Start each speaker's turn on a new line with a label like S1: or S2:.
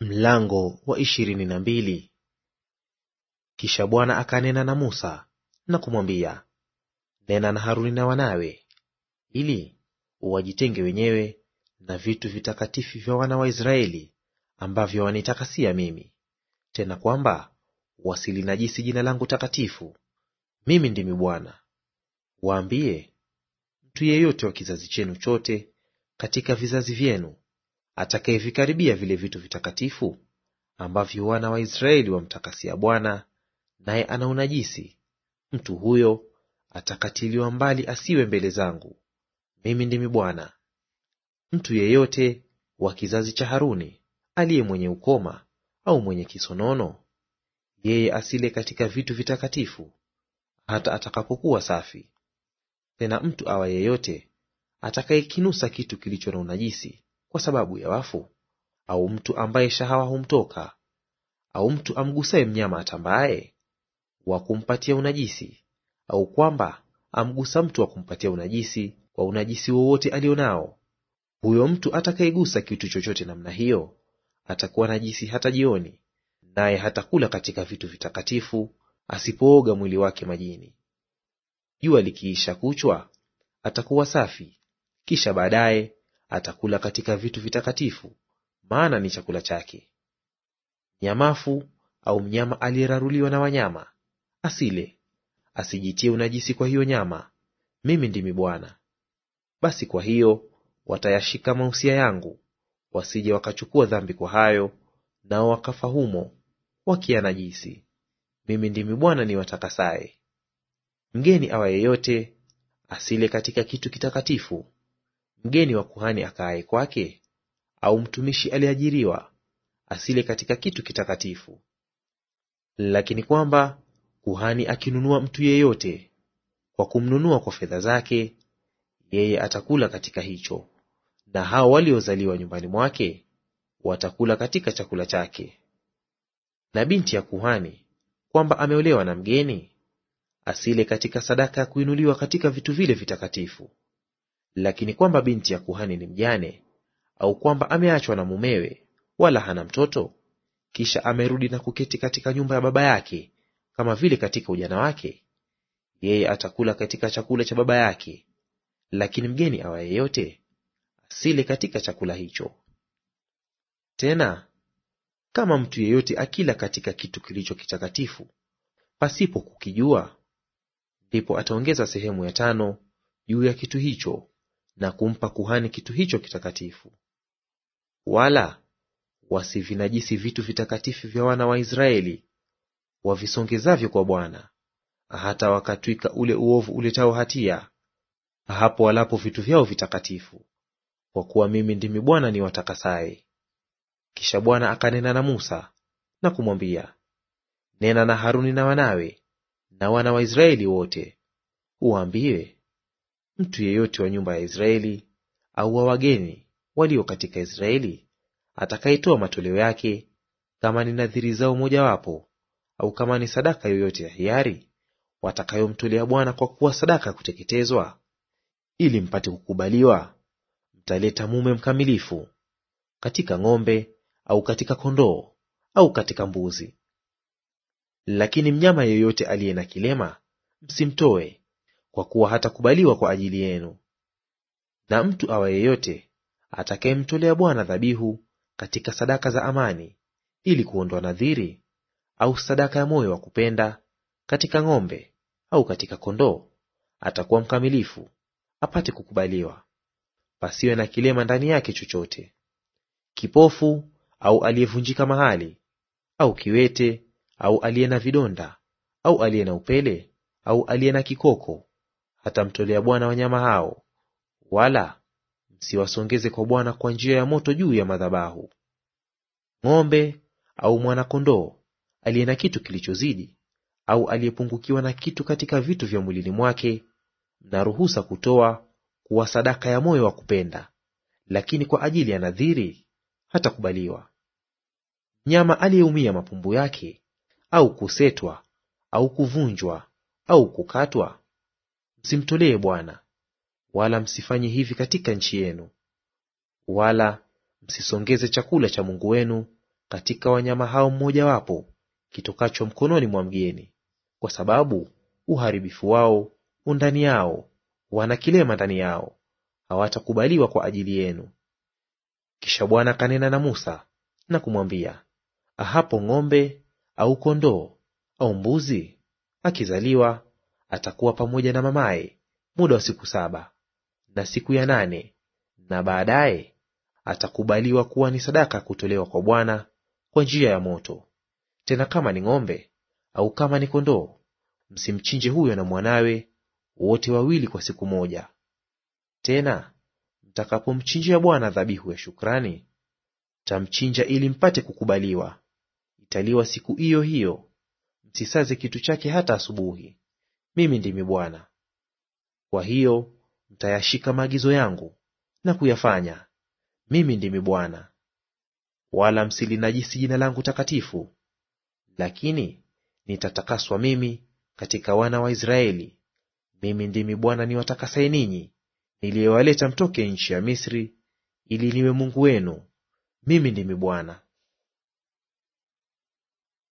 S1: Mlango wa ishirini na mbili. Kisha Bwana akanena na Musa na kumwambia, nena na Haruni na wanawe, ili wajitenge wenyewe na vitu vitakatifu vya wana wa Israeli ambavyo wanitakasia mimi, tena kwamba wasilinajisi jina langu takatifu. Mimi ndimi Bwana. Waambie, mtu yeyote wa kizazi chenu chote katika vizazi vyenu atakayevikaribia vile vitu vitakatifu ambavyo wana wa Israeli wamtakasia Bwana, naye ana unajisi, mtu huyo atakatiliwa mbali, asiwe mbele zangu. Mimi ndimi Bwana. Mtu yeyote wa kizazi cha Haruni aliye mwenye ukoma au mwenye kisonono, yeye asile katika vitu vitakatifu hata atakapokuwa safi. Tena mtu awa yeyote atakayekinusa kitu kilicho na unajisi kwa sababu ya wafu, au mtu ambaye shahawa humtoka, au mtu amgusaye mnyama atambaye, wa kumpatia unajisi, au kwamba amgusa mtu wa kumpatia unajisi kwa unajisi wowote alio nao, huyo mtu atakayegusa kitu chochote namna hiyo atakuwa najisi hata jioni, naye hatakula katika vitu vitakatifu asipooga mwili wake majini. Jua likiisha kuchwa atakuwa safi, kisha baadaye atakula katika vitu vitakatifu, maana ni chakula chake. Mnyamafu au mnyama aliyeraruliwa na wanyama asile, asijitie unajisi kwa hiyo nyama. Mimi ndimi Bwana. Basi kwa hiyo watayashika mausia yangu, wasije wakachukua dhambi kwa hayo, nao wakafa humo wakianajisi Mimi ndimi Bwana niwatakasaye. Mgeni awa yeyote asile katika kitu kitakatifu, mgeni wa kuhani akaaye kwake, au mtumishi aliyeajiriwa, asile katika kitu kitakatifu. Lakini kwamba kuhani akinunua mtu yeyote kwa kumnunua kwa fedha zake, yeye atakula katika hicho, na hao waliozaliwa nyumbani mwake watakula katika chakula chake. Na binti ya kuhani kwamba ameolewa na mgeni, asile katika sadaka ya kuinuliwa katika vitu vile vitakatifu. Lakini kwamba binti ya kuhani ni mjane, au kwamba ameachwa na mumewe, wala hana mtoto, kisha amerudi na kuketi katika nyumba ya baba yake, kama vile katika ujana wake, yeye atakula katika chakula cha baba yake, lakini mgeni awa yeyote asile katika chakula hicho. Tena kama mtu yeyote akila katika kitu kilicho kitakatifu pasipo kukijua, ndipo ataongeza sehemu ya tano juu ya kitu hicho na kumpa kuhani kitu hicho kitakatifu. Wala wasivinajisi vitu vitakatifu vya wana wa Israeli wavisongezavyo kwa Bwana, hata wakatwika ule uovu uletao hatia hapo walapo vitu vyao vitakatifu, kwa kuwa mimi ndimi Bwana ni watakasaye. Kisha Bwana akanena na Musa na kumwambia, nena na Haruni na wanawe na wana wa Israeli wote, uwaambie Mtu yeyote wa nyumba ya Israeli au wa wageni walio katika Israeli atakayetoa matoleo yake kama ni nadhiri zao mojawapo au kama ni sadaka yoyote ya hiari watakayomtolea Bwana kwa kuwa sadaka ya kuteketezwa, ili mpate kukubaliwa, mtaleta mume mkamilifu katika ng'ombe au katika kondoo au katika mbuzi. Lakini mnyama yeyote aliye na kilema msimtoe kwa kuwa hatakubaliwa kwa ajili yenu. Na mtu awa yeyote atakayemtolea Bwana dhabihu katika sadaka za amani ili kuondoa nadhiri au sadaka ya moyo wa kupenda katika ng'ombe au katika kondoo, atakuwa mkamilifu apate kukubaliwa, pasiwe na kilema ndani yake chochote. Kipofu au aliyevunjika mahali au kiwete au aliye na vidonda au aliye na upele au aliye na kikoko atamtolea Bwana wanyama hao, wala msiwasongeze kwa Bwana kwa njia ya moto juu ya madhabahu. Ng'ombe au mwana-kondoo aliye na kitu kilichozidi au aliyepungukiwa na kitu katika vitu vya mwilini mwake, mnaruhusa ruhusa kutoa kuwa sadaka ya moyo wa kupenda, lakini kwa ajili ya nadhiri hatakubaliwa. Mnyama aliyeumia mapumbu yake au kusetwa au kuvunjwa au kukatwa msimtolee Bwana, wala msifanye hivi katika nchi yenu, wala msisongeze chakula cha Mungu wenu katika wanyama hao mmojawapo kitokacho mkononi mwa mgeni, kwa sababu uharibifu wao undani yao, wana kilema ndani yao, hawatakubaliwa kwa ajili yenu. Kisha Bwana kanena na Musa na kumwambia, ahapo ng'ombe au kondoo au mbuzi akizaliwa atakuwa pamoja na mamaye muda wa siku saba, na siku ya nane na baadaye atakubaliwa kuwa ni sadaka ya kutolewa kwa Bwana kwa njia ya moto. Tena kama ni ng'ombe au kama ni kondoo, msimchinje huyo na mwanawe, wote wawili kwa siku moja. Tena mtakapomchinjia Bwana dhabihu ya shukrani, tamchinja ili mpate kukubaliwa; italiwa siku iyo hiyo. Msisaze kitu chake hata asubuhi. Mimi ndimi Bwana. Kwa hiyo mtayashika maagizo yangu na kuyafanya. Mimi ndimi Bwana. Wala msilinajisi jina langu takatifu, lakini nitatakaswa mimi katika wana wa Israeli. Mimi ndimi Bwana niwatakasaye ninyi, niliyewaleta mtoke nchi ya Misri, ili niwe Mungu wenu. Mimi ndimi Bwana.